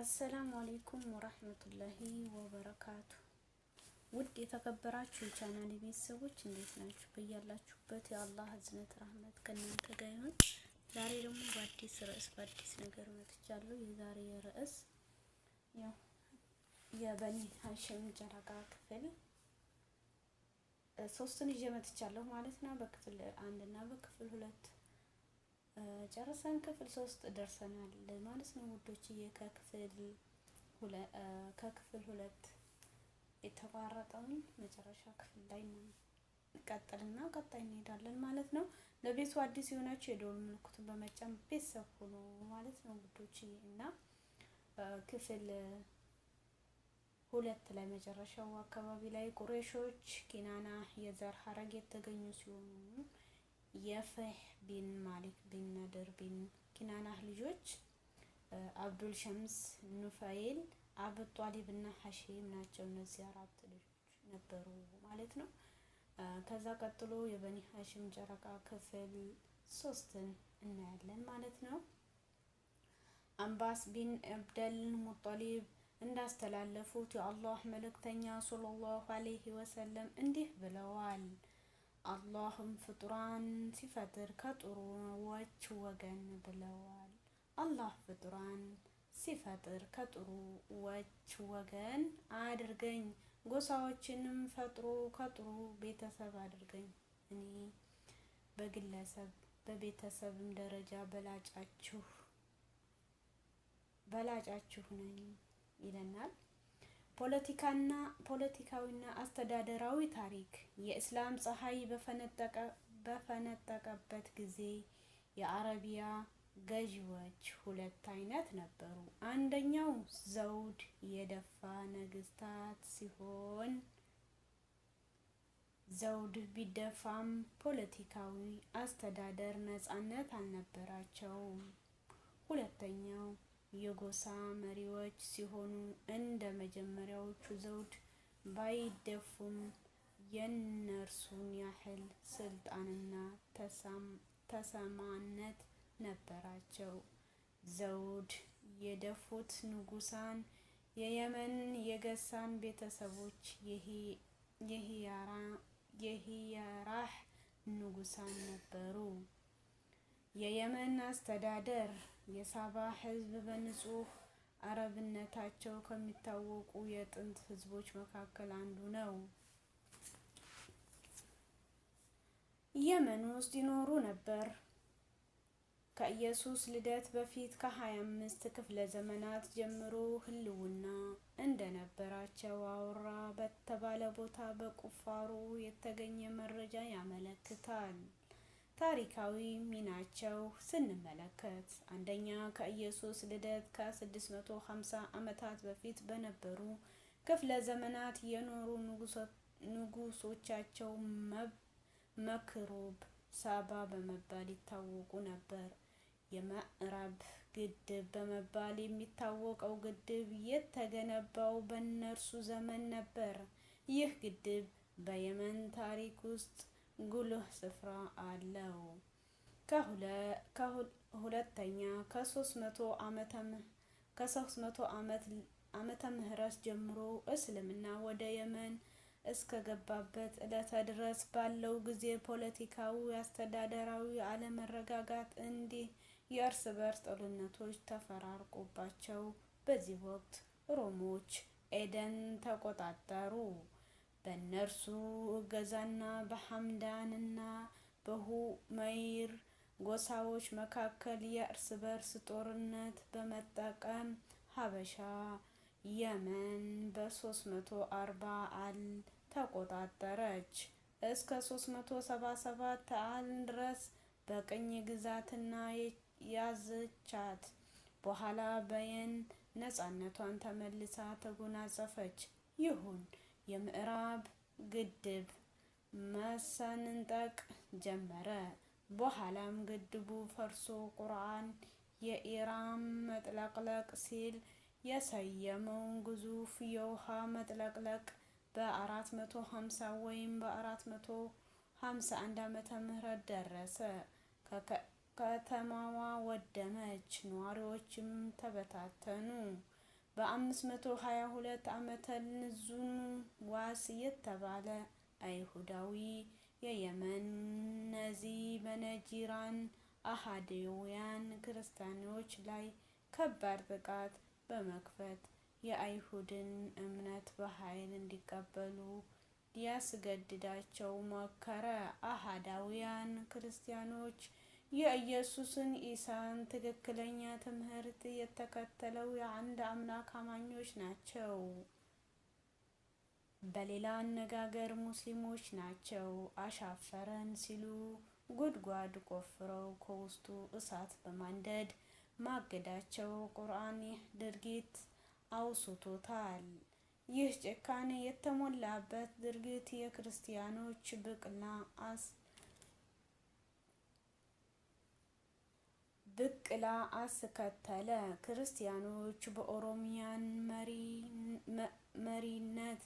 አሰላሙ አሌይኩም ወረህመቱላሂ ወበረካቱ። ውድ የተከበራችሁ የቻናል ቤተሰቦች እንዴት ናችሁ? በያላችሁበት የአላህ እዝነት ረህመት ከእናንተ ጋር ይሁን። ዛሬ ደግሞ በአዲስ ርዕስ በአዲስ ነገር መጥቻለሁ። የዛሬ ርዕስ ያው የበኒ ሀሽም ጨረቃ ክፍል ሶስትን ይዤ መጥቻለሁ ማለት ነው። በክፍል አንድ እና በክፍል ሁለት ጨርሰን ክፍል ሶስት ደርሰናል ማለት ነው ውዶችዬ። ከክፍል ከክፍል ሁለት የተቋረጠውን መጨረሻ ክፍል ላይ ቀጥልና ቀጣይ እንሄዳለን ማለት ነው። ለቤቱ አዲስ የሆናችሁ የደወል ምልክቱን በመጫን ቤተሰብ ሁኑ ማለት ነው ውዶችዬ እና ክፍል ሁለት ላይ መጨረሻው አካባቢ ላይ ቁሬሾች ኪናና የዘር ሀረግ የተገኙ ሲሆኑ የፈህ ቢን ማሊክ ቢን ነድር ቢን ኪናናህ ልጆች አብዱል ሸምስ፣ ኑፋይል፣ አቡ ጧሊብ እና ሐሺም ናቸው። እነዚህ አራት ልጆች ነበሩ ማለት ነው። ከዛ ቀጥሎ የበኒ ሐሺም ጨረቃ ክፍል ሶስትን እናያለን ማለት ነው። አምባስ ቢን አብደል ሙጠሊብ እንዳስተላለፉት የአላህ መልእክተኛ ሰለላሁ አለይሂ ወሰለም እንዲህ ብለዋል። አላህም ፍጡራን ሲፈጥር ከጥሩዎች ወገን ብለዋል። አላህ ፍጡራን ሲፈጥር ከጥሩዎች ወገን አድርገኝ፣ ጎሳዎችንም ፈጥሮ ከጥሩ ቤተሰብ አድርገኝ። እኔ በግለሰብ በቤተሰብም ደረጃ በላጫችሁ በላጫችሁ ነኝ ይለናል። ፖለቲካና ፖለቲካዊና አስተዳደራዊ ታሪክ የእስላም ፀሐይ በፈነጠቀበት ጊዜ የአረቢያ ገዢዎች ሁለት አይነት ነበሩ። አንደኛው ዘውድ የደፋ ነገስታት ሲሆን ዘውድ ቢደፋም ፖለቲካዊ አስተዳደር ነጻነት አልነበራቸውም። ሁለተኛው የጎሳ መሪዎች ሲሆኑ እንደ መጀመሪያዎቹ ዘውድ ባይደፉም የነርሱን ያህል ስልጣንና ተሰማነት ነበራቸው። ዘውድ የደፉት ንጉሳን የየመን የገሳን ቤተሰቦች የሂያራህ ንጉሳን ነበሩ። የየመን አስተዳደር የሳባ ህዝብ በንጹህ አረብነታቸው ከሚታወቁ የጥንት ህዝቦች መካከል አንዱ ነው። የመን ውስጥ ይኖሩ ነበር። ከኢየሱስ ልደት በፊት ከ25 ክፍለ ዘመናት ጀምሮ ህልውና እንደነበራቸው አውራ በተባለ ቦታ በቁፋሮ የተገኘ መረጃ ያመለክታል። ታሪካዊ ሚናቸው ስንመለከት አንደኛ ከኢየሱስ ልደት ከ650 ዓመታት በፊት በነበሩ ክፍለ ዘመናት የኖሩ ንጉሶቻቸው መክሩብ ሳባ በመባል ይታወቁ ነበር። የምዕራብ ግድብ በመባል የሚታወቀው ግድብ የተገነባው በእነርሱ ዘመን ነበር። ይህ ግድብ በየመን ታሪክ ውስጥ ጉልህ ስፍራ አለው። ሁለተኛ ከሶስት መቶ ዓመተ ምህረት ጀምሮ እስልምና ወደ የመን እስከገባበት ዕለት ድረስ ባለው ጊዜ ፖለቲካዊ፣ አስተዳደራዊ አለመረጋጋት እንዲህ የእርስ በርስ ጦርነቶች ተፈራርቆባቸው በዚህ ወቅት ሮሞች ኤደን ተቆጣጠሩ። በእነርሱ እገዛና በሐምዳንና በሁመይር ጎሳዎች መካከል የእርስ በርስ ጦርነት በመጠቀም ሀበሻ የመን በ340 አል ተቆጣጠረች። እስከ 377 አል ድረስ በቅኝ ግዛትና ያዘቻት። በኋላ በየን ነፃነቷን ተመልሳ ተጎናጸፈች። ይሁን የምዕራብ ግድብ መሰንጠቅ ጀመረ። በኋላም ግድቡ ፈርሶ ቁርአን የኢራን መጥለቅለቅ ሲል የሰየመውን ግዙፍ የውሃ መጥለቅለቅ በ450 ወይም በ451 ዓመተ ምህረት ደረሰ። ከተማዋ ወደመች፣ ነዋሪዎችም ተበታተኑ። በ522 ዓመተ ዋስ የተባለ አይሁዳዊ የየመን እነዚህ በነጂራን አሃዴውያን ክርስቲያኖች ላይ ከባድ ጥቃት በመክፈት የአይሁድን እምነት በኃይል እንዲቀበሉ ሊያስገድዳቸው ሞከረ። አሃዳውያን ክርስቲያኖች የኢየሱስን ኢሳን ትክክለኛ ትምህርት የተከተለው የአንድ አምላክ አማኞች ናቸው። በሌላ አነጋገር ሙስሊሞች ናቸው። አሻፈረን ሲሉ ጉድጓድ ቆፍረው ከውስጡ እሳት በማንደድ ማገዳቸው ቁርአን ይህ ድርጊት አውስቶታል። ይህ ጭካኔ የተሞላበት ድርጊት የክርስቲያኖች ብቅና አስ ብቅላ አስከተለ። ክርስቲያኖች በኦሮሚያን መሪነት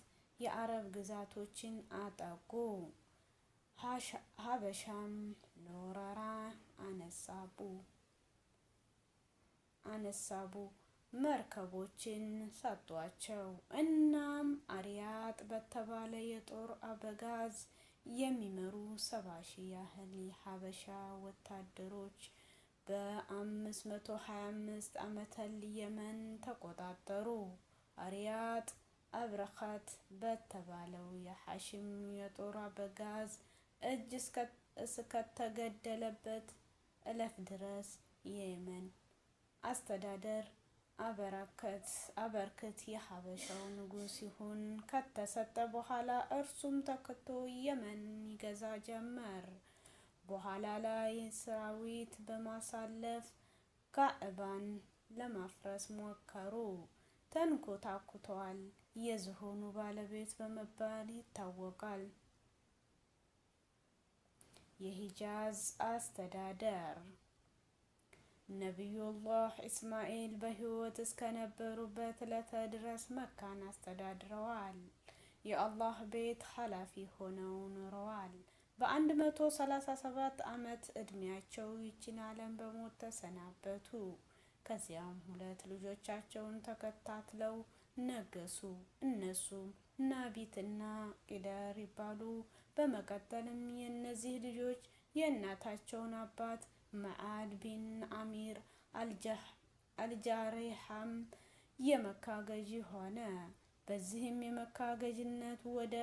የአረብ ግዛቶችን አጠቁ። ሀበሻም ለወረራ አነሳቡ፣ መርከቦችን ሰጧቸው። እናም አርያጥ በተባለ የጦር አበጋዝ የሚመሩ ሰባ ያህል የሀበሻ ወታደሮች በ525 ዓመተ የመን ተቆጣጠሩ። አርያጥ አብረካት በተባለው የሐሽም የጦር አበጋዝ እጅ እስከተገደለበት እለት ድረስ የየመን አስተዳደር አበርክት የሀበሻው ንጉስ ይሁን ከተሰጠ በኋላ እርሱም ተክቶ የመን ይገዛ ጀመር። በኋላ ላይ ሰራዊት በማሳለፍ ካዕባን ለማፍረስ ሞከሩ። ተንኮታኩተዋል። የዝሆኑ ባለቤት በመባል ይታወቃል። የሂጃዝ አስተዳደር ነቢዩላህ ኢስማኤል በህይወት እስከነበሩበት ዕለት ድረስ መካን አስተዳድረዋል። የአላህ ቤት ኃላፊ ሆነው ኖረዋል። በ137 ዓመት ዕድሜያቸው ይችን ዓለም በሞት ተሰናበቱ። ከዚያም ሁለት ልጆቻቸውን ተከታትለው ነገሱ። እነሱም ናቢትና ኢደር ይባሉ። በመቀጠልም የእነዚህ ልጆች የእናታቸውን አባት መዓድ ቢን አሚር አልጃሬሐም የመካ ገዢ ሆነ። በዚህም የመካ ገዥነት ወደ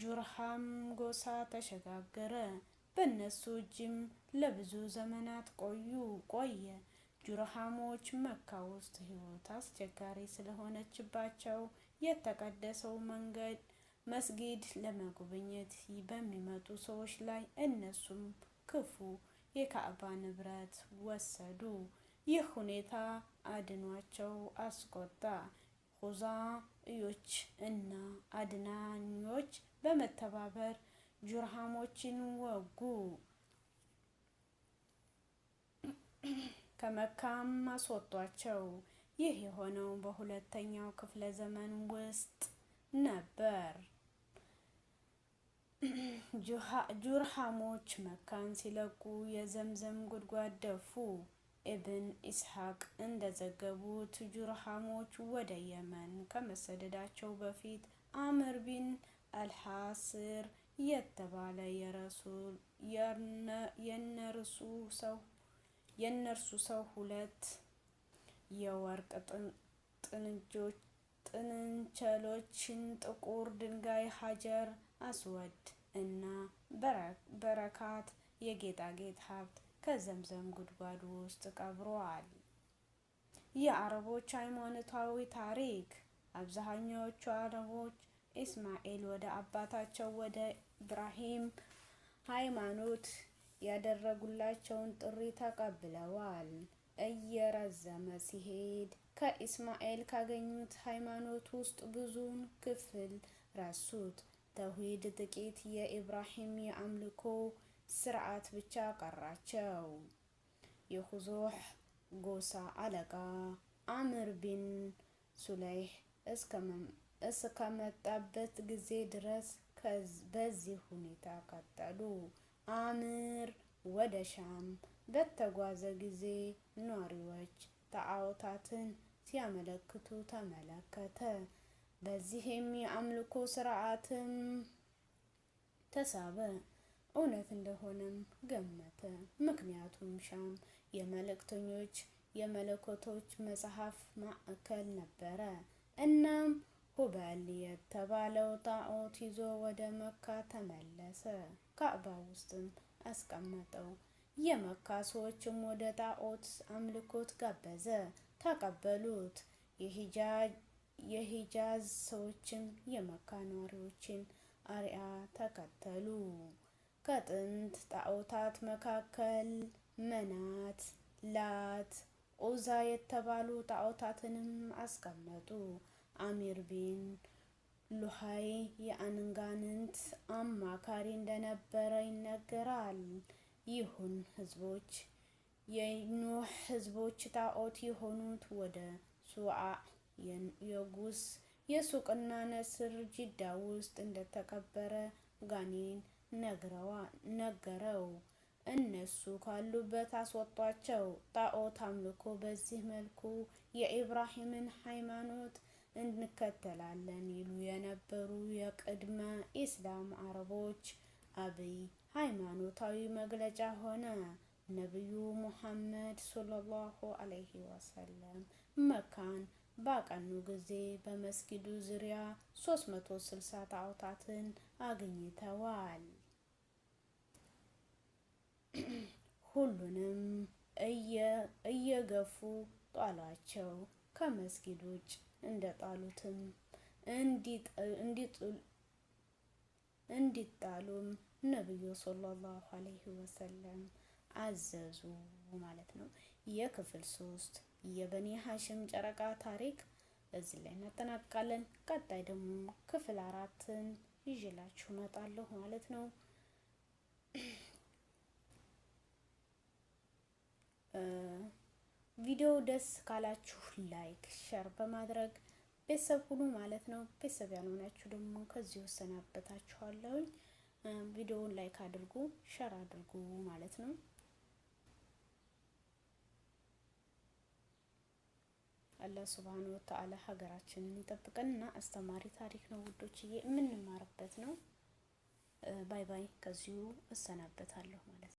ጁርሃም ጎሳ ተሸጋገረ። በእነሱ እጅም ለብዙ ዘመናት ቆዩ ቆየ። ጁርሃሞች መካ ውስጥ ሕይወት አስቸጋሪ ስለሆነችባቸው የተቀደሰው መንገድ መስጊድ ለመጎብኘት በሚመጡ ሰዎች ላይ እነሱም ክፉ የካዕባ ንብረት ወሰዱ። ይህ ሁኔታ አድኗቸው አስቆጣ። ሁዛ እዮች እና አድናኞች በመተባበር ጁርሃሞችን ወጉ። ከመካም አስወጧቸው። ይህ የሆነው በሁለተኛው ክፍለ ዘመን ውስጥ ነበር። ጁርሃሞች መካን ሲለቁ የዘምዘም ጉድጓድ ደፉ። ኢብን ኢስሐቅ እንደዘገቡት ጁርሃሞች ወደ የመን ከመሰደዳቸው በፊት አምር ቢን አልሐስር የተባለ የነርሱ ሰው ሁለት የወርቅ ጥንቸሎችን ጥቁር ድንጋይ ሀጀር አስወድ እና በረካት የጌጣጌጥ ሀብት ከዘምዘም ጉድጓድ ውስጥ ቀብሯል። የአረቦች ሃይማኖታዊ ታሪክ አብዛኛዎቹ አረቦች ኢስማኤል ወደ አባታቸው ወደ ኢብራሂም ሃይማኖት ያደረጉላቸውን ጥሪ ተቀብለዋል። እየረዘመ ሲሄድ ከኢስማኤል ካገኙት ሃይማኖት ውስጥ ብዙውን ክፍል ረሱት። ተውሂድ ጥቂት የኢብራሂም የአምልኮ ስርዓት ብቻ ቀራቸው። የሁዞህ ጎሳ አለቃ አምር ቢን ሱለይህ እስከመጣበት ጊዜ ድረስ በዚህ ሁኔታ ቀጠሉ። አምር ወደ ሻም በተጓዘ ጊዜ ኗሪዎች ጣዖታትን ሲያመለክቱ ተመለከተ። በዚህም የአምልኮ ስርዓትም ተሳበ። እውነት እንደሆነም ገመተ። ምክንያቱም ሻም የመልእክተኞች የመለኮቶች መጽሐፍ ማዕከል ነበረ። እናም ሁበል የተባለው ጣዖት ይዞ ወደ መካ ተመለሰ። ካዕባ ውስጥም አስቀመጠው። የመካ ሰዎችም ወደ ጣዖት አምልኮት ጋበዘ፣ ተቀበሉት። የሂጃዝ ሰዎችም የመካ ነዋሪዎችን አርያ ተከተሉ። ከጥንት ጣዖታት መካከል መናት፣ ላት፣ ኦዛ የተባሉ ጣዖታትንም አስቀመጡ። አሚርቢን ሉሃይ የአንጋንንት አማካሪ እንደነበረ ይነገራል። ይሁን ህዝቦች የኖህ ህዝቦች ጣዖት የሆኑት ወደ ሱዓ የጉስ የሱቅና ነስር ጅዳ ውስጥ እንደተቀበረ ጋኔን ነገረው። እነሱ ካሉበት አስወጧቸው። ጣዖት አምልኮ በዚህ መልኩ የኢብራሂምን ሃይማኖት እንከተላለን ይሉ የነበሩ የቅድመ ኢስላም አረቦች አብይ ሃይማኖታዊ መግለጫ ሆነ። ነቢዩ ሙሐመድ ሶለላሁ አለይሂ ወሰለም መካን ባቀኑ ጊዜ በመስጊዱ ዙሪያ 360 ጣዖታትን አግኝተዋል። ሁሉንም እየገፉ ጣሏቸው። ከመስጊድ ውጭ እንደጣሉትም እንዲጣሉም ነብዩ ሰለላሁ አለይሂ ወሰለም አዘዙ ማለት ነው። የክፍል ሶስት የበኒ ሀሽም ጨረቃ ታሪክ እዚህ ላይ እናጠናቅቃለን። ቀጣይ ደግሞ ክፍል አራትን ይዤላችሁ እመጣለሁ ማለት ነው። ቪዲዮ ደስ ካላችሁ ላይክ ሸር በማድረግ ቤተሰብ ሁኑ ማለት ነው። ቤተሰብ ያልሆናችሁ ደግሞ ከዚሁ እሰናበታችኋለሁኝ። ቪዲዮውን ላይክ አድርጉ፣ ሸር አድርጉ ማለት ነው። አላህ ሱብሃነ ወተዓላ ሀገራችንን ይጠብቀንና አስተማሪ ታሪክ ነው ውዶችዬ፣ የምንማርበት ነው። ባይ ባይ። ከዚሁ እሰናበታለሁ ማለት ነው።